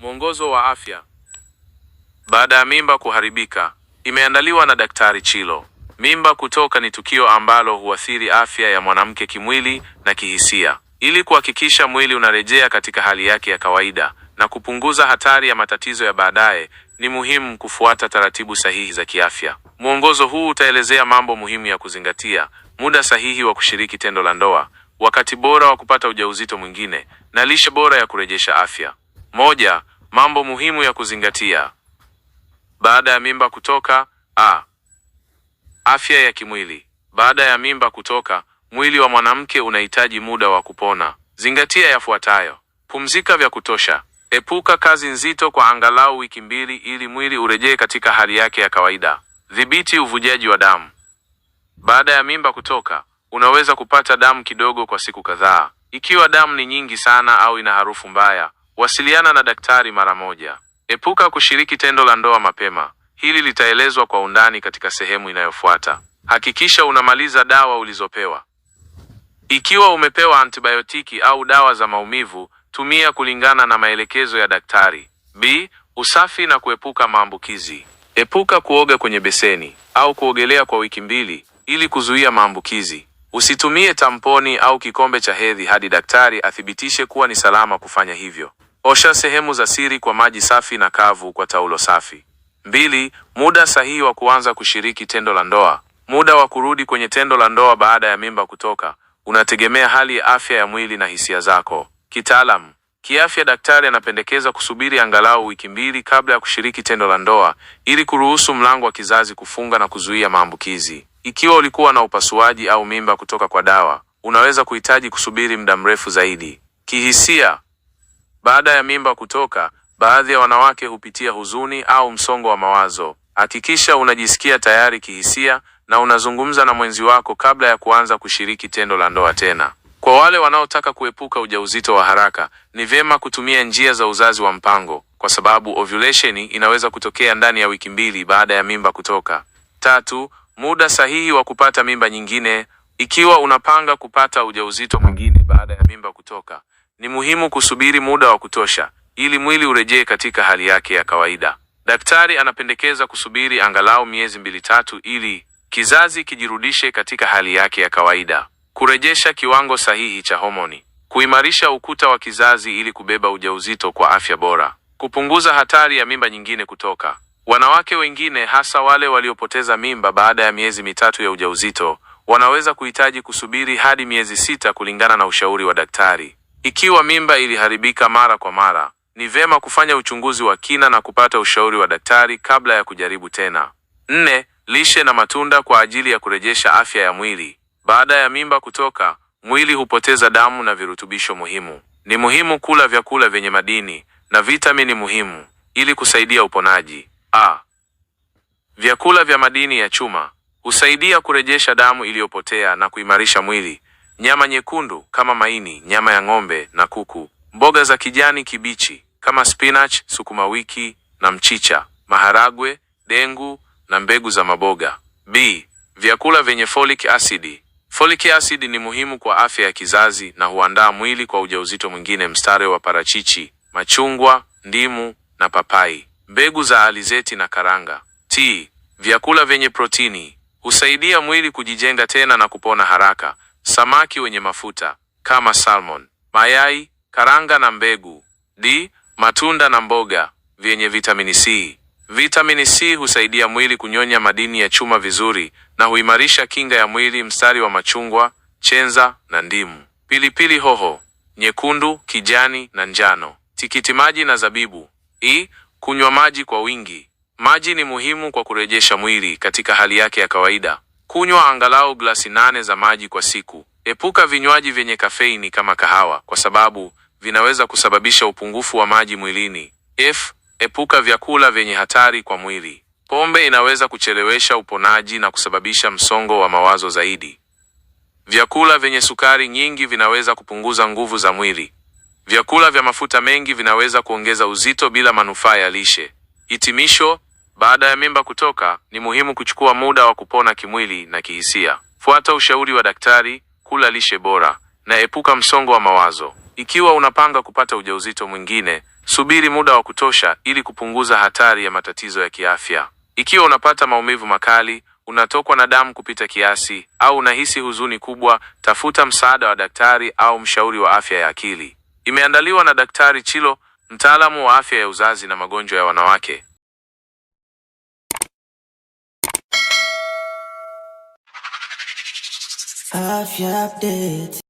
Mwongozo wa afya baada ya mimba kuharibika, imeandaliwa na Daktari Chilo. Mimba kutoka ni tukio ambalo huathiri afya ya mwanamke kimwili na kihisia. Ili kuhakikisha mwili unarejea katika hali yake ya kawaida na kupunguza hatari ya matatizo ya baadaye, ni muhimu kufuata taratibu sahihi za kiafya. Mwongozo huu utaelezea mambo muhimu ya kuzingatia: muda sahihi wa kushiriki tendo la ndoa, wakati bora wa kupata ujauzito mwingine, na lishe bora ya kurejesha afya. Moja, mambo muhimu ya kuzingatia baada ya mimba kutoka. A, afya ya kimwili. Baada ya mimba kutoka, mwili wa mwanamke unahitaji muda wa kupona. Zingatia yafuatayo: pumzika vya kutosha, epuka kazi nzito kwa angalau wiki mbili ili mwili urejee katika hali yake ya kawaida. Dhibiti uvujaji wa damu. Baada ya mimba kutoka, unaweza kupata damu kidogo kwa siku kadhaa. Ikiwa damu ni nyingi sana au ina harufu mbaya Wasiliana na daktari mara moja. Epuka kushiriki tendo la ndoa mapema. Hili litaelezwa kwa undani katika sehemu inayofuata. Hakikisha unamaliza dawa ulizopewa. Ikiwa umepewa antibiotiki au dawa za maumivu, tumia kulingana na maelekezo ya daktari. B. Usafi na kuepuka maambukizi. Epuka kuoga kwenye beseni au kuogelea kwa wiki mbili ili kuzuia maambukizi. Usitumie tamponi au kikombe cha hedhi hadi daktari athibitishe kuwa ni salama kufanya hivyo. Osha sehemu za siri kwa maji safi na kavu kwa taulo safi. Mbili, muda sahihi wa kuanza kushiriki tendo la ndoa. Muda wa kurudi kwenye tendo la ndoa baada ya mimba kutoka unategemea hali ya afya ya mwili na hisia zako. Kitaalam, kiafya, daktari anapendekeza kusubiri angalau wiki mbili kabla ya kushiriki tendo la ndoa ili kuruhusu mlango wa kizazi kufunga na kuzuia maambukizi. Ikiwa ulikuwa na upasuaji au mimba kutoka kwa dawa, unaweza kuhitaji kusubiri muda mrefu zaidi. Kihisia, baada ya mimba kutoka, baadhi ya wanawake hupitia huzuni au msongo wa mawazo. Hakikisha unajisikia tayari kihisia na unazungumza na mwenzi wako kabla ya kuanza kushiriki tendo la ndoa tena. Kwa wale wanaotaka kuepuka ujauzito wa haraka, ni vyema kutumia njia za uzazi wa mpango kwa sababu ovulation inaweza kutokea ndani ya wiki mbili baada ya mimba kutoka. Tatu, muda sahihi wa kupata mimba nyingine. Ikiwa unapanga kupata ujauzito mwingine baada ya mimba kutoka ni muhimu kusubiri muda wa kutosha ili mwili urejee katika hali yake ya kawaida. Daktari anapendekeza kusubiri angalau miezi mbili tatu ili kizazi kijirudishe katika hali yake ya kawaida, kurejesha kiwango sahihi cha homoni, kuimarisha ukuta wa kizazi ili kubeba ujauzito kwa afya bora, kupunguza hatari ya mimba nyingine kutoka. Wanawake wengine, hasa wale waliopoteza mimba baada ya miezi mitatu ya ujauzito, wanaweza kuhitaji kusubiri hadi miezi sita kulingana na ushauri wa daktari. Ikiwa mimba iliharibika mara kwa mara, ni vema kufanya uchunguzi wa kina na kupata ushauri wa daktari kabla ya kujaribu tena. Nne, lishe na matunda kwa ajili ya kurejesha afya ya mwili. Baada ya mimba kutoka, mwili hupoteza damu na virutubisho muhimu. Ni muhimu kula vyakula vyenye madini na vitamini muhimu ili kusaidia uponaji. A. Vyakula vya madini ya chuma husaidia kurejesha damu iliyopotea na kuimarisha mwili nyama nyekundu kama maini, nyama ya ng'ombe na kuku, mboga za kijani kibichi kama spinach, sukuma wiki na mchicha, maharagwe, dengu na mbegu za maboga. B. Vyakula vyenye folic acid. Folic acid ni muhimu kwa afya ya kizazi na huandaa mwili kwa ujauzito mwingine. Mstari wa parachichi, machungwa, ndimu na papai, mbegu za alizeti na karanga. T. Vyakula vyenye protini husaidia mwili kujijenga tena na kupona haraka samaki wenye mafuta kama salmon, mayai, karanga na mbegu. D, matunda na mboga vyenye vitamini C. Vitamini C husaidia mwili kunyonya madini ya chuma vizuri na huimarisha kinga ya mwili. Mstari wa machungwa, chenza na ndimu. Pilipili hoho nyekundu, kijani na njano. Tikiti maji na zabibu. I, e, kunywa maji kwa wingi. Maji ni muhimu kwa kurejesha mwili katika hali yake ya kawaida. Kunywa angalau glasi nane za maji kwa siku. Epuka vinywaji vyenye kafeini kama kahawa, kwa sababu vinaweza kusababisha upungufu wa maji mwilini. F, epuka vyakula vyenye hatari kwa mwili. Pombe inaweza kuchelewesha uponaji na kusababisha msongo wa mawazo zaidi. Vyakula vyenye sukari nyingi vinaweza kupunguza nguvu za mwili. Vyakula vya mafuta mengi vinaweza kuongeza uzito bila manufaa ya lishe. Hitimisho, baada ya mimba kutoka, ni muhimu kuchukua muda wa kupona kimwili na kihisia. Fuata ushauri wa daktari, kula lishe bora na epuka msongo wa mawazo. Ikiwa unapanga kupata ujauzito mwingine, subiri muda wa kutosha ili kupunguza hatari ya matatizo ya kiafya. Ikiwa unapata maumivu makali, unatokwa na damu kupita kiasi au unahisi huzuni kubwa, tafuta msaada wa daktari au mshauri wa afya ya akili. Imeandaliwa na Daktari Chilo, mtaalamu wa afya ya uzazi na magonjwa ya wanawake. Afya update.